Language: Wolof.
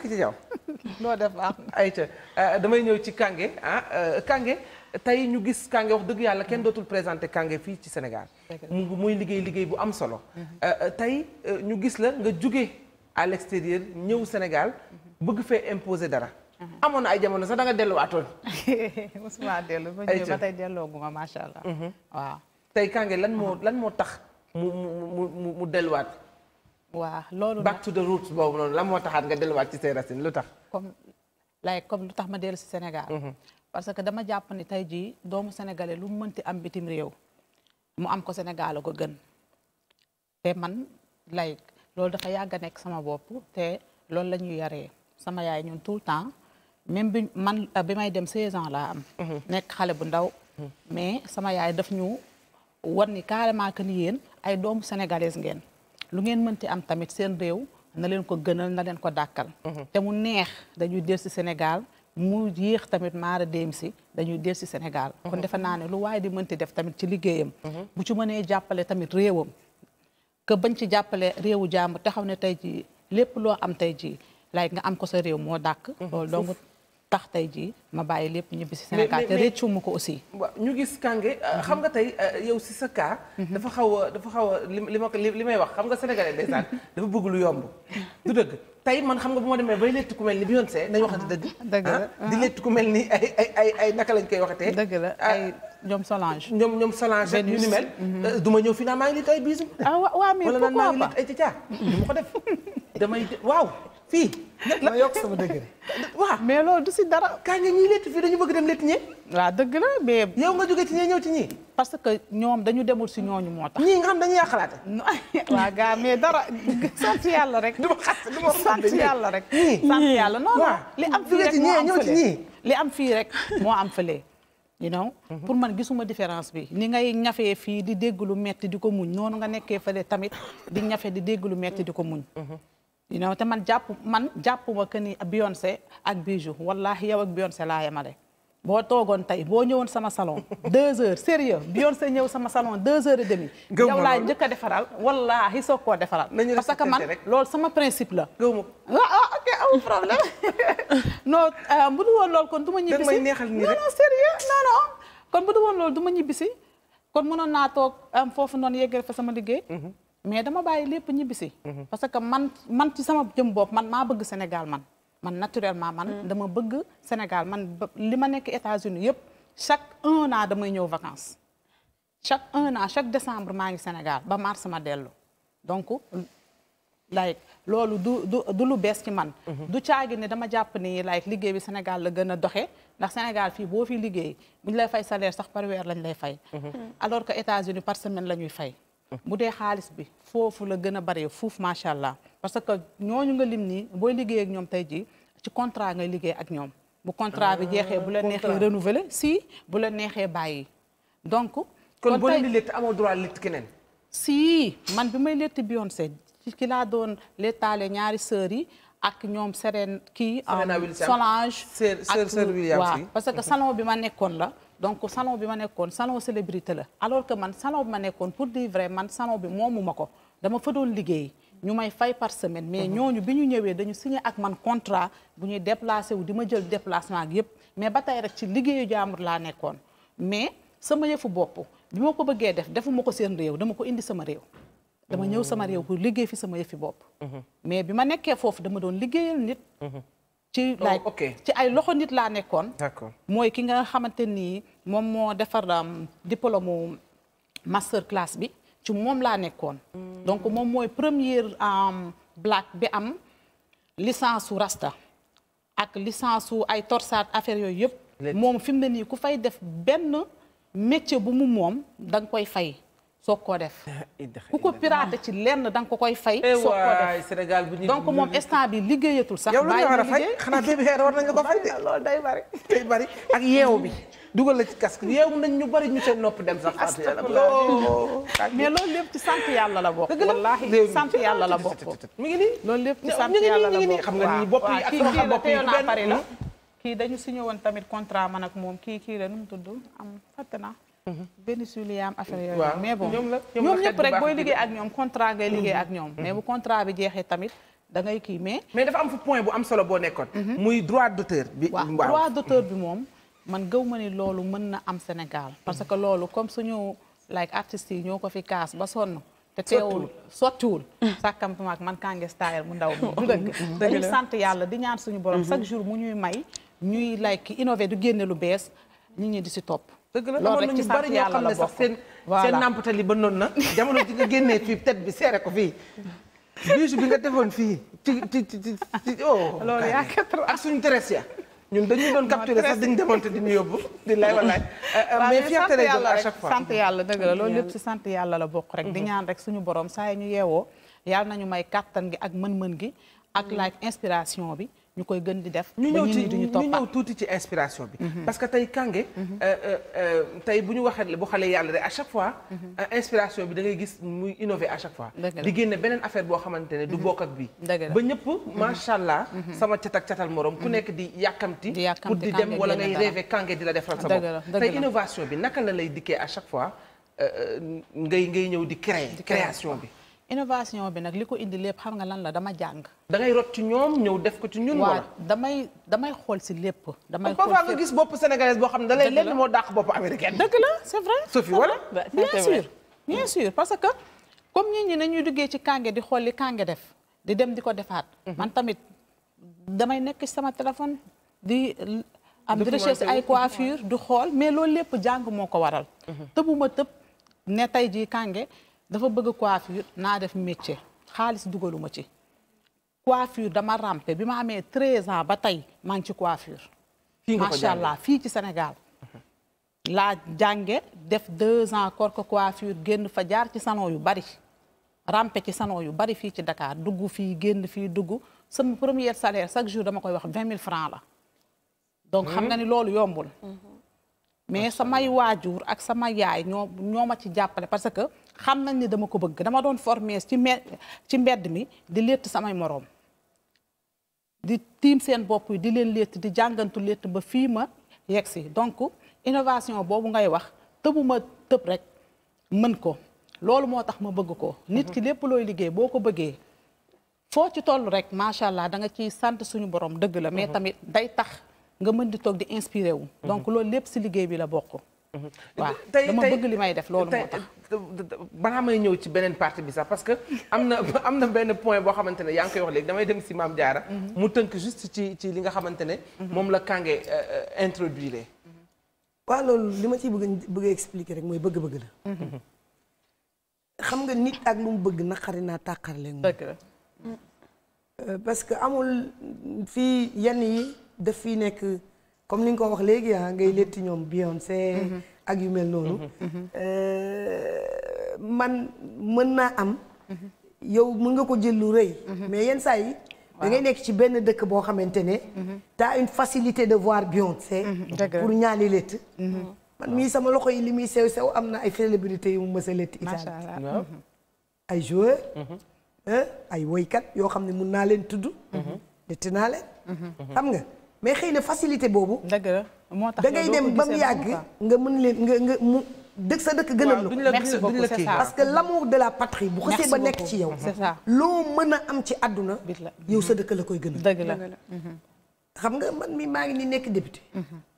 njëkk ci jaw loo def baax na ayca euh, damay ñëw ci Kange ah euh, Kange tey ñu gis Kange wax dëgg yàlla kenn dootul présenté kànge fii ci Sénégal mu muy liggéey liggéey bu am solo mhm. euh, tey ñu gis la nga jóge à l'extérieur ñëw Sénégal mhm. bëgg fee imposer dara mhm. amoon ay jamono sax da nga delluwaatoon mosuma dellu ba ñëw tey dellooguma lan moo lan moo tax mu mu mu mu delluwaat waaw loolu back to the boobu noonu la moo taxaat nga delluwaat ci say racines lu tax. comme like comme lu tax ma dellu si Sénégal. Mm-hmm. parce que dama jàpp ni tey jii doomu sénégalais lu mu mënti am bitim réew mu am ko Sénégal ko gën te man like loolu dafa yàgg a nekk sama bopp te loolu la ñuy yaree sama yaay ñun tout le temps même bi man euh, bi may dem 16 ans laa am. Mm-hmm. nekk xale bu ndaw. Mm-hmm. mais sama yaay daf ñu wan ni carrément que ni yéen ay doomu sénégalais ngeen. lu ngeen mënti am tamit seen réew na leen ko gënal na leen ko dàkkal mhm. te mu neex dañuy del si Sénégal mu yéex tamit maara dem si dañuy del si Sénégal mhm. kon defe naa ne lu waaye di mënti def tamit ci liggéeyam mhm. bu ci mënee jàppale tamit réewam que bañ ci jàppale réewu jàmm taxaw ne tey jii lépp loo am tey ji laay nga am ko sa réew moo dàkk tax tey jii ma bàyyi lépp ñibbi si Sénégal te réccu ma ko aussi. waaw ñu gis Kange euh, xam nga tey euh, yow si sa cas. Mhm. dafa xaw a dafa xaw a li ma li may wax xam nga sénégalais ndeysaan dafa bëgg lu yomb du dëgg. tey man xam nga bu ma demee bay létt ku mel ni Beyoncé nañ waxante dëgg. dëgg la ah, di ah. létt ku mel ni ay ay ay ay naka lañ koy waxatee. dëgg la ah, ay ñoom Solange. ñoom ñoom Solange ak yu ni mel. Mhm. Euh, du ma ñëw fii naa maa ngi liit ay bisu. ah waaw mais pourquoi maa ngi liit ay cicaa du ma ko def. damay waaw fii. ma yokk sama dëgg waaw mais loolu du si dara. kaa nga ñiy létt fii dañu bëgg dem létt ñee. waaw dëgg la mais. yow nga jógee ci ñee ñëw ci ñii. parce que ñoom dañu demul si ñooñu moo tax. ñii nga xam dañuy yàqalaate. waaw gaa mais dara sant yàlla rek. du ma yàlla rek. sant yàlla non non li am fii rek moo am li am fii rek moo am fële. you mhm. pour man gisuma différence bi ni ngay ñafee fii di dégg lu metti di ko muñ noonu nga nekkee fële tamit di ñafe di dégg lu metti di ko muñ mhm. you know te man jàpp man jàppuma que ni Beyoncé ak Bijou wallahi yow ak Beyoncé laa yemale. boo toogoon tey boo ñëwoon sama salon deux heures sérieux Beyoncé ñëw sama salon deux heures et demi yow laa njëkk a defaral wallaahi soog koo defaral parce que man lool sama principe la gëwma ah, ah ok amul problème non euh, bu kon du ma ñibbisi non non sérieux non non kon bu du woon du ma ñibbisi kon mënoon naa toog foofu noonu yeggale fa sama liggéey mhm. mais dama bàyyi lépp ñibbisi. Mhm. parce que man man ci sama jëm bopp man maa bëgg Sénégal man. man naturellement man mhm. dama bëgg Sénégal man li ma nekk États-Unis yëpp chaque un an damay ñëw vacances. chaque un an chaque décembre maa ngi Sénégal ba mars ma dellu donc like loolu du du du lu bees ci man. Mhm. du caagi ne dama jàpp ni like liggéey bi Sénégal la gën a doxee ndax Sénégal fii boo fi liggéey bu ñu lay fay salaire sax par weer lañ lay fay. alors que États-Unis par semaine la ñuy fay. bu dee xaalis bi foofu la gën a bare fuuf macha allah parce que ñooñu nga lim nii booy liggéey ak ñoom tey jii ci contrat ngay liggéey ak ñoom. bu contrat bi jeexee bu la ah, neexee renouveler si bu la neexee bàyyi donc. kon boo leen di létt amoo droit létt keneen. si man bi may létt Beyoncé ci ki laa doon léttaale ñaari sœurs yi. ak ñoom Serène kii. Serena um, Williams Solange. sœur sœur Williams parce que salon bi ma nekkoon la. donc salon bi ma nekkoon salon célébrité la alors que man salon bi ma nekkoon pour dire vrai man salon bi moomu ma ko dama fa doon liggéey ñu may fay par semaine mais mhm. ñooñu bi ñu ñëwee dañu signé ak man contrat bu ñuy déplacé wu di ma jël déplacement ak yépp mais ba tey rek ci liggéeyu jaamur laa nekkoon mais sama yëfu bopp bi ma ko bëggee def defuma ko seen réew dama ko indi sama réew dama ñëw sama mhm. réew pour liggéey fi sama yëfi bopp mhm. mais bi ma ci oh, like ci ay loxo nit laa nekkoon. d'accord mooy ki nga xamante nii moom moo defar um, diplôme mu master class bi ci moom laa nekkoon. Hmm. donc moom mooy première um, black bi am licence su rasta ak licence su ay torsaat affaire yooyu yëpp. moom fi mu ne nii ku fay def benn métier bu mu moom da nga koy fay. soog koo def ku ko piraté ci lenn da nga ko koy fay. Eh soog koo def Sénégal bu ñu donc moom instant bi liggéeyatul sax. yow la war a fay xanaa bébé xeer war nañ la ko fay de. loolu day bari day bari ak yeewu bi. dugal la ci casque bi yeewu nañ ñu bari ñu seen nopp dem sax. Oh, mais loolu lépp ci sant yàlla la bokk. wallaahi sant yàlla la bokk. mi ngi nii loolu lépp ci sant yàlla la bokk xam nga ni bopp yi ak loxo bopp yi benn kii dañu signé woon tamit contrat man ak moom kii kii la nu mu tudd am fàtte naa Mhm. benn suliyaam affaire yooyu mais bon ñoom ñëpp rek booy liggéey ak ñoom contrat ngay liggéey ak ñoom mhm. mais bu contrat bi jeexee tamit dangay kii mais mais dafa am fu point bu am solo boo nekkoon mhm. muy droit d'auteur bi waaw droit d'auteur bi moom man gëw ma ni loolu mën na am Sénégal parce que loolu comme suñu like artist yi ñoo ko fi kaas ba sonn te teewul sottiwul sàkkam maak man kange style mu ndaw mi du dëgg dañu sant yàlla di ñaan suñu borom chaque jour mu ñuy may ñuy like innover du génne lu bees nit ñi di si topp dëgg la amoon nañu bari ñoo xam ne sax seen seen nàmpatali ba noonu na jamono ji nga génnee fii tête bi seere ko fii biisu bi nga defoon fii ci ci ci ci oh. suñu teres ya dañu doon capturer sax dañu demoon te di ñu yóbbu di lay walaay euh, euh, mais fierté lay doon sant yàlla dëgg la loolu lépp si sant yàlla bokk rek di mm-hmm. ñaan rek suñu borom saa yi ñu yeewoo yàlla nañu may kattan gi ak man mën gi ak mm-hmm. laaj inspiration bi ñu koy gën di def. ñu ñëw ci ñu ñëw tuuti ci inspiration bi. Mhm. parce que tey Kange. Mhm. Euh, euh, euh, tey bu ñu waxee bu xale yàlla rek à chaque fois. Mhm. inspiration bi da ngay gis muy innover à chaque fois. di génne beneen affaire boo xamante ne du bokk ak bii. ba ñëpp macha allah. sama catak catal moroom ku nekk di yàkkamti. di pour di dem wala ngay rêver Kange di la defaral sa bopp. tey innovation bi naka la lay dikkee à chaque fois ngay ngay ñëw di créer création bi. innovation bi nag li ko indi lépp xam nga lan la dama jàng. dangay ngay rot ci ñoom ñëw def ko ci ñun. wala damay damay xool si lépp. damay xool nga gis bopp sénégalaise boo xam ne da lay moo dàq bopp américaine. dëgg la c'est vrai. Sophie parce que comme ñi ñi nañuy duggee ci kànge di xool li kànge def di dem di ko defaat. Mhm. man tamit damay nekk ci sama téléphone di. am di recherche ay coiffure di xool mais loolu lépp jàng moo ko waral. Mhm. tëbuma tëb ne tey kànge. dafa bëgg coiffure naa def métier xaalis dugaluma ci coiffure dama rampe bi ma amee 13 ans ba tey maa ngi ci coiffure. fii nga ko allah fii ci Sénégal. laa jànge def 2 ans corps coiffure génn fa jaar ci salon yu bari. rampe ci salon yu bari fii ci Dakar dugg fii génn fii dugg sama premier salaire chaque jour dama koy wax 20 000 francs la. donc xam nga ni loolu yombul. Mm-hmm. mais samay waajur ak sama yaay ñoo ñoo ma ci jàppale parce que. xam nañ ni dama ko bëgg dama doon former ci me ci mbedd mi di létt samay moroom di tiim seen bopp yi di leen létt di jàngantu létt ba fii ma yegg si donc innovation boobu ngay wax tëbuma tëb rek mën ko loolu moo tax ma bëgg ko nit ki mhm. lépp looy liggéey boo ko bëggee foo ci toll rek macha allah da nga ciy sant suñu borom dëgg la mais mhm. tamit day tax nga mën di toog di inspiré wu mhm. donc loolu lépp si liggéey bi la bokk waaw dama bëgg li may def loolu moo tax balaa may ñëw ci beneen partie bi sax parce que am na am na benn point boo xamante ne yaa ngi koy wax léegi damay dem si maam Diarra. Mhm. mu tënk juste ci ci li nga xamante ne. Mhm. moom la Kange euh, euh, introduire. waaw loolu li ma ci bëgg bëgg a expliquer rek mooy bëgg-bëgg la. Mhm. xam nga nit ak lu mu bëgg naqari naa tàqarle moom. Euh, parce que amul fii yenn yi daf fi nekk comme ni nga ko wax léegi ah ngay létti ñoom Beyoncé. ak yu mel noonu. Mhm, mhm. Euh, man mën naa am. Mhm. yow mën nga ko jël lu rëy. mais yenn saa yi. da ngay nekk ci benn dëkk boo xamante ne. t'as une facilité de voir Beyoncé. pour ñaali létt. man mii sama loxo yi li muy sew sew am na ay célébrités yu mu mës a létt Italie. ay joueur. ay woykat yoo xam ne mun naa leen tudd. létt naa leen. xam nga mais xëy na facilité boobu. dëgg moo tax ngay dem ba mu yàgg nga mën leen nga nga mu dëkk sa dëkk gënal la ko parce que l'amour de la patrie bu xasee ba nekk ci yow loo mën a am ci àdduna yow sa dëkk la koy gënal dëgg la mm-hmm. xam nga man mi maa ngi ni nekk député mm-hmm.